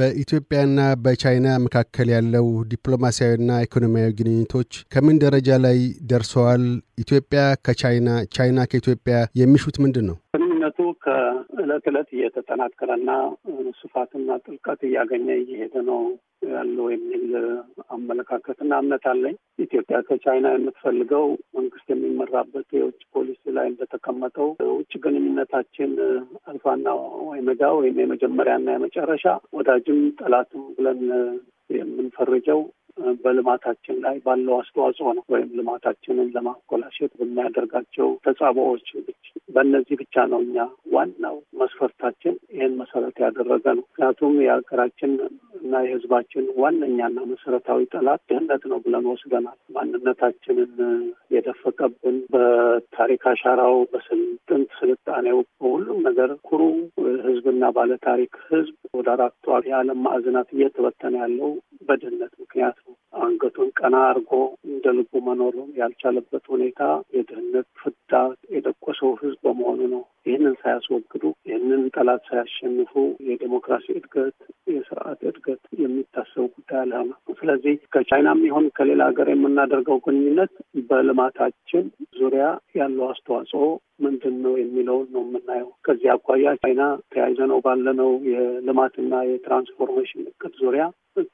በኢትዮጵያና በቻይና መካከል ያለው ዲፕሎማሲያዊና ኢኮኖሚያዊ ግንኙነቶች ከምን ደረጃ ላይ ደርሰዋል? ኢትዮጵያ ከቻይና፣ ቻይና ከኢትዮጵያ የሚሹት ምንድን ነው? ግንኙነቱ ከእለት ዕለት እየተጠናከረና ስፋትና ጥልቀት እያገኘ እየሄደ ነው ያለው የሚል አመለካከትና እምነት አለኝ። ኢትዮጵያ ከቻይና የምትፈልገው መንግስት የሚመራበት የውጭ ፖሊሲ ላይ እንደተቀመጠው ውጭ ግንኙነታችን አልፋና ኦሜጋ ወይም የመጀመሪያና የመጨረሻ ወዳጅም ጠላትም ብለን የምንፈርጀው በልማታችን ላይ ባለው አስተዋጽኦ ነው። ወይም ልማታችንን ለማኮላሸት በሚያደርጋቸው ተጻብኦች በእነዚህ ብቻ ነው እኛ ዋናው መስፈርታችን ይህን መሰረት ያደረገ ነው። ምክንያቱም የሀገራችን እና የሕዝባችን ዋነኛና መሰረታዊ ጠላት ድህነት ነው ብለን ወስደናል። ማንነታችንን የደፈቀብን በታሪክ አሻራው፣ በስልጥንት ስልጣኔው፣ በሁሉም ነገር ኩሩ ሕዝብና ባለታሪክ ሕዝብ ወደ አራቱ የዓለም ማዕዝናት እየተበተነ ያለው በድህነት ምክንያት ነው። አንገቱን ቀና አድርጎ እንደ ልቡ መኖሩ ያልቻለበት ሁኔታ የድህነት ፍዳ የደቆሰው ህዝብ በመሆኑ ነው። ይህንን ሳያስወግዱ ይህንን ጠላት ሳያሸንፉ የዴሞክራሲ እድገት፣ የስርዓት እድገት የሚታሰብ ጉዳይ አልሆነ። ስለዚህ ከቻይናም ይሁን ከሌላ ሀገር የምናደርገው ግንኙነት በልማታችን ዙሪያ ያለው አስተዋጽኦ ምንድን ነው የሚለውን ነው የምናየው። ከዚህ አኳያ ቻይና ተያይዘ ነው ባለነው የልማትና የትራንስፎርሜሽን እቅድ ዙሪያ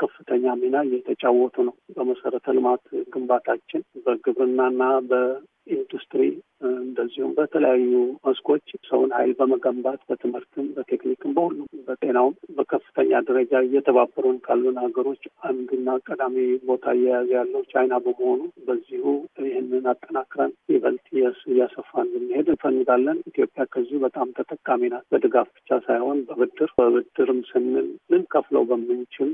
ከፍተኛ ሚና እየተጫወቱ ነው። በመሰረተ ልማት ግንባታችን፣ በግብርናና በኢንዱስትሪ እንደዚሁም በተለያዩ መስኮች ሰውን ኃይል በመገንባት በትምህርትም፣ በቴክኒክም፣ በሁሉ በጤናውም በከፍተኛ ደረጃ እየተባበሩን ካሉን ሀገሮች አንዱና ቀዳሚ ቦታ እየያዘ ያለው ቻይና በመሆኑ በዚሁ ይህንን አጠናክረን ይበልጥ እያሰፋን ብንሄድ እንፈልጋለን። ኢትዮጵያ ከዚሁ በጣም ተጠቃሚ ናት። በድጋፍ ብቻ ሳይሆን በብድር በብድርም ስንል ልንከፍለው በምንችል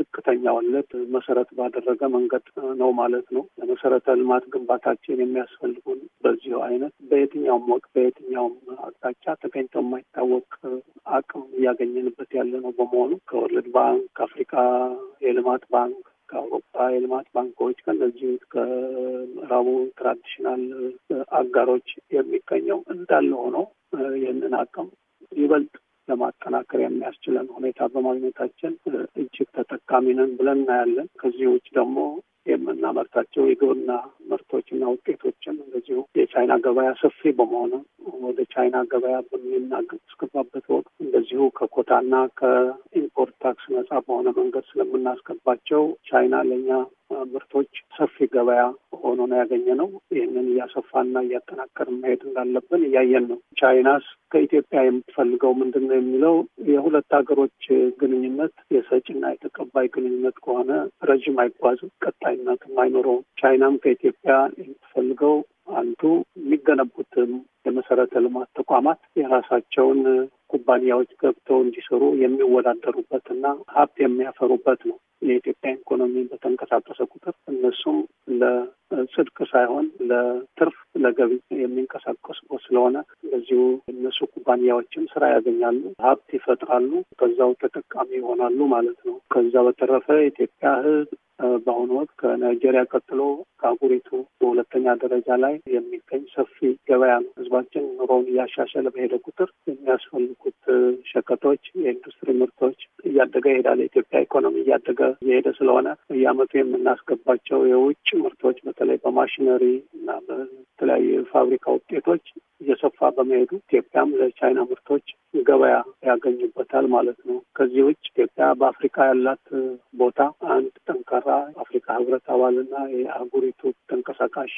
ዝቅተኛ ወለድ መሰረት ባደረገ መንገድ ነው ማለት ነው። ለመሰረተ ልማት ግንባታችን የሚያስፈልጉን በዚሁ አይነት በየትኛውም ወቅት በየትኛውም አቅጣጫ ተገኝቶ የማይታወቅ አቅም እያገኘንበት ያለ ነው። በመሆኑ ከወርልድ ባንክ፣ ከአፍሪካ የልማት ባንክ፣ ከአውሮፓ የልማት ባንኮች ከነዚህ ከምዕራቡ ትራዲሽናል አጋሮች የሚገኘው እንዳለ ሆኖ ይህንን አቅም ይበልጥ ለማጠናከር የሚያስችለን ሁኔታ በማግኘታችን እጅግ ተጠቃሚ ነን ብለን እናያለን። ከዚህ ውጭ ደግሞ የምናመርታቸው የግብርና ምርቶችና ውጤቶችን እንደዚሁ የቻይና ገበያ ሰፊ በመሆኑ ወደ ቻይና ገበያ በምናስገባበት ወቅት እንደዚሁ ከኮታና ከኢምፖርት ታክስ ነጻ በሆነ መንገድ ስለምናስገባቸው ቻይና ለእኛ ምርቶች ሰፊ ገበያ ሆኖ ነው ያገኘ ነው። ይህንን እያሰፋና እያጠናከር መሄድ እንዳለብን እያየን ነው። ቻይናስ ከኢትዮጵያ የምትፈልገው ምንድን ነው የሚለው የሁለት ሀገሮች ግንኙነት የሰጪና የተቀባይ ግንኙነት ከሆነ ረዥም አይጓዝም፣ ቀጣይነትም አይኖረውም። ቻይናም ከኢትዮጵያ የምትፈልገው አንዱ የሚገነቡትም የመሰረተ ልማት ተቋማት የራሳቸውን ኩባንያዎች ገብተው እንዲሰሩ የሚወዳደሩበት እና ሀብት የሚያፈሩበት ነው። የኢትዮጵያ ኢኮኖሚ በተንቀሳቀሰ ቁጥር እነሱም ለ ጽድቅ ሳይሆን ለትርፍ ለገቢ የሚንቀሳቀስ ስለሆነ እዚሁ እነሱ ኩባንያዎችም ስራ ያገኛሉ፣ ሀብት ይፈጥራሉ፣ ከዛው ተጠቃሚ ይሆናሉ ማለት ነው። ከዛ በተረፈ የኢትዮጵያ ሕዝብ በአሁኑ ወቅት ከናይጄሪያ ቀጥሎ ከአህጉሪቱ በሁለተኛ ደረጃ ላይ የሚገኝ ሰፊ ገበያ ነው። ህዝባችን ኑሮውን እያሻሸለ በሄደ ቁጥር የሚያስፈልጉት ሸቀጦች፣ የኢንዱስትሪ ምርቶች እያደገ ይሄዳል። የኢትዮጵያ ኢኮኖሚ እያደገ እየሄደ ስለሆነ በየአመቱ የምናስገባቸው የውጭ ምርቶች በተለይ በማሽነሪ እና በተለያዩ የፋብሪካ ውጤቶች እየሰፋ በመሄዱ ኢትዮጵያም ለቻይና ምርቶች ገበያ ያገኙበታል ማለት ነው። ከዚህ ውጭ ኢትዮጵያ በአፍሪካ ያላት ቦታ አንድ ጠንካራ አፍሪካ ህብረት አባልና የአህጉሪቱ ተንቀሳቃሽ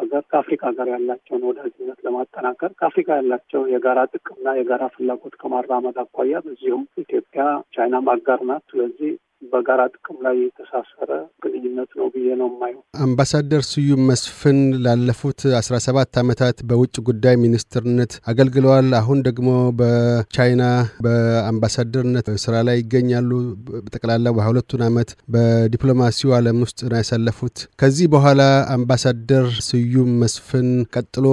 ሀገር ከአፍሪካ ጋር ያላቸውን ወዳጅነት ለማጠናከር ከአፍሪካ ያላቸው የጋራ ጥቅምና የጋራ ፍላጎት ከማራመድ አኳያ በዚሁም ኢትዮጵያ ቻይናም አጋር ናት። ስለዚህ በጋራ ጥቅም ላይ የተሳሰረ ግንኙነት ነው ብዬ ነው የማየው። አምባሳደር ስዩም መስፍን ላለፉት አስራ ሰባት ዓመታት በውጭ ጉዳይ ሚኒስትርነት አገልግለዋል። አሁን ደግሞ በቻይና በአምባሳደርነት ስራ ላይ ይገኛሉ። በጠቅላላ በሁለቱን ዓመት በዲፕሎማሲው ዓለም ውስጥ ነው ያሳለፉት። ከዚህ በኋላ አምባሳደር ስዩም መስፍን ቀጥሎ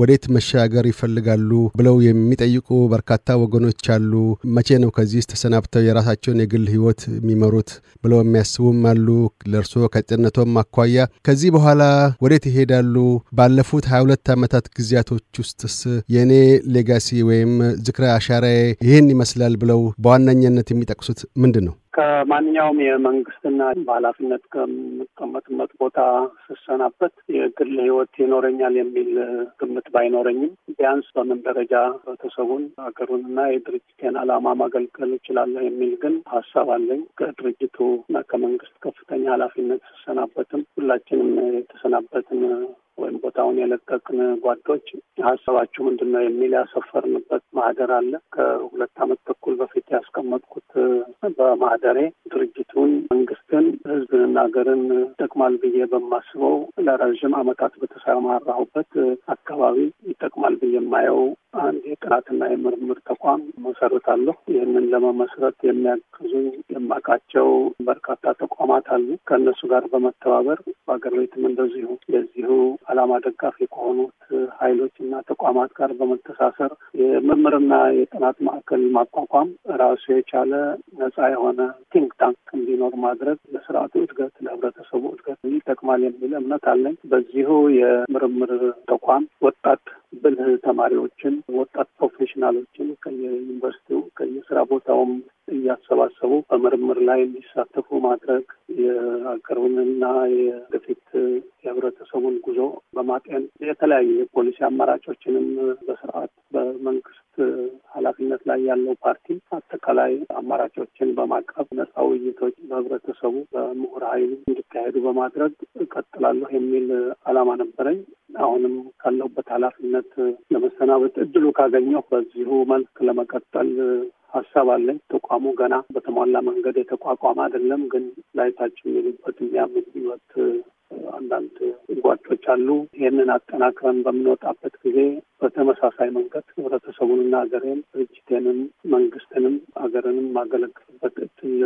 ወዴት መሻገር ይፈልጋሉ ብለው የሚጠይቁ በርካታ ወገኖች አሉ። መቼ ነው ከዚህ ተሰናብተው የራሳቸውን የግል ህይወት የሚመሩ የነበሩት ብለው የሚያስቡም አሉ። ለእርስዎ ከጤንነቶም አኳያ ከዚህ በኋላ ወዴት ይሄዳሉ? ባለፉት 22 ዓመታት ጊዜያቶች ውስጥስ የእኔ ሌጋሲ ወይም ዝክረ አሻራዬ ይህን ይመስላል ብለው በዋነኛነት የሚጠቅሱት ምንድን ነው? ከማንኛውም የመንግስትና በኃላፊነት ከምቀመጥበት ቦታ ስሰናበት የግል ህይወት ይኖረኛል የሚል ግምት ባይኖረኝም ቢያንስ በምን ደረጃ ህብረተሰቡን፣ ሀገሩንና የድርጅቴን አላማ ማገልገል እችላለሁ የሚል ግን ሀሳብ አለኝ። ከድርጅቱ እና ከመንግስት ከፍተኛ ኃላፊነት ስሰናበትም ሁላችንም የተሰናበትን ወይም ቦታውን የለቀቅን ጓዶች ሀሳባችሁ ምንድን ነው የሚል ያሰፈርንበት ማህደር አለ። ከሁለት ዓመት ተኩል በፊት ያስቀመጥኩት በማህደሬ ድርጅቱን፣ መንግስትን፣ ህዝብንና ሀገርን ይጠቅማል ብዬ በማስበው ለረዥም ዓመታት በተሰማራሁበት አካባቢ ይጠቅማል ብዬ የማየው አንድ የጥናትና የምርምር ተቋም አለሁ። ይህንን ለመመስረት የሚያግዙ የማውቃቸው በርካታ ተቋማት አሉ። ከእነሱ ጋር በመተባበር በሀገር ቤትም እንደዚሁ የዚሁ ዓላማ ደጋፊ ከሆኑት ኃይሎች እና ተቋማት ጋር በመተሳሰር የምርምርና የጥናት ማዕከል ማቋቋም ራሱ የቻለ ነጻ የሆነ ቲንክ ታንክ እንዲኖር ማድረግ ለስርዓቱ እድገት፣ ለህብረተሰቡ እድገት ይጠቅማል የሚል እምነት አለኝ። በዚሁ የምርምር ተቋም ወጣት ብልህ ተማሪዎችን፣ ወጣት ፕሮፌሽናሎችን ከየዩኒቨርሲቲው ከየስራ ቦታውም እያሰባሰቡ በምርምር ላይ እንዲሳተፉ ማድረግ የአገሩንና የወደፊት የህብረተሰቡን ጉዞ በማጤን የተለያዩ የፖሊሲ አማራጮችንም በስርዓት በመንግስት ኃላፊነት ላይ ያለው ፓርቲ አጠቃላይ አማራጮችን በማቅረብ ነጻ ውይይቶች በህብረተሰቡ በምሁር ኃይሉ እንዲካሄዱ በማድረግ እቀጥላለሁ የሚል አላማ ነበረኝ። አሁንም ካለሁበት ኃላፊነት ለመሰናበት እድሉ ካገኘሁ በዚሁ መልክ ለመቀጠል ሀሳብ አለኝ። ተቋሙ ገና በተሟላ መንገድ የተቋቋመ አይደለም፣ ግን ላይታች የሚሉበት የሚያምኑበት አንዳንድ ጓጮች አሉ። ይህንን አጠናክረን በምንወጣበት ጊዜ በተመሳሳይ መንገድ ህብረተሰቡንና ሀገሬን ድርጅቴንም መንግስትንም ሀገርንም ማገለግልበት እድል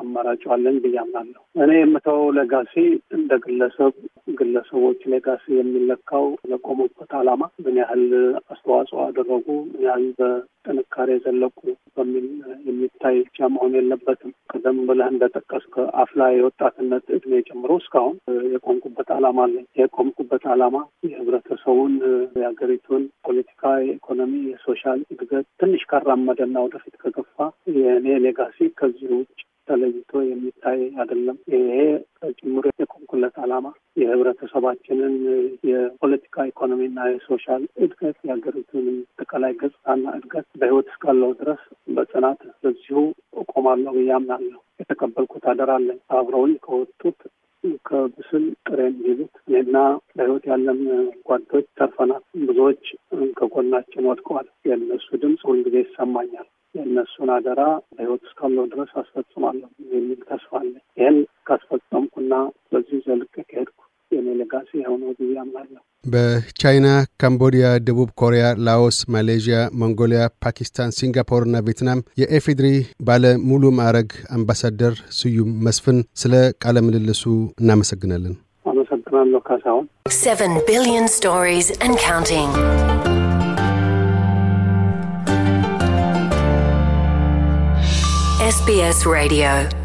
አማራጭ አለኝ ብዬ አምናለሁ። እኔ የምተው ለጋሴ እንደ ግለሰብ ግለሰቦች ሌጋሲ የሚለካው ለቆሙበት ዓላማ ምን ያህል አስተዋጽኦ አደረጉ፣ ምን ያህል ጥንካሬ የዘለቁ በሚል የሚታይ ብቻ መሆን የለበትም። ቀደም ብለህ እንደጠቀስ አፍላ የወጣትነት እድሜ ጨምሮ እስካሁን የቆምኩበት ዓላማ አለ። የቆምኩበት ዓላማ የህብረተሰቡን፣ የሀገሪቱን ፖለቲካ፣ የኢኮኖሚ፣ የሶሻል እድገት ትንሽ ካራመደና ወደፊት ከገፋ የእኔ ሌጋሲ ከዚህ ውጭ ተለይቶ የሚታይ አይደለም። ይሄ ጭምር የቆምኩለት ዓላማ የህብረተሰባችንን የፖለቲካ ኢኮኖሚና የሶሻል እድገት የሀገሪቱን አጠቃላይ ገጽታና እድገት በህይወት እስካለው ድረስ በጽናት በዚሁ እቆማለሁ ብዬ አምናለሁ። የተቀበልኩት አደራ አለኝ። አብረውኝ ከወጡት ከብስል ጥሬ የሚሉት እኔና በህይወት ያለን ጓዶች ተርፈናል። ብዙዎች ከጎናችን ወድቀዋል። የእነሱ ድምፅ ሁልጊዜ ይሰማኛል። የእነሱን አደራ በህይወት እስካለው ድረስ አስፈጽማለሁ የሚል ተስፋ አለ። ይህን ብዬ አምናለሁ። በቻይና፣ ካምቦዲያ፣ ደቡብ ኮሪያ፣ ላኦስ፣ ማሌዥያ፣ ሞንጎሊያ፣ ፓኪስታን፣ ሲንጋፖር እና ቬትናም የኤፌድሪ ባለ ሙሉ ማዕረግ አምባሳደር ስዩም መስፍን ስለ ቃለ ምልልሱ እናመሰግናለን። አመሰግናለሁ ካሳሁን። 7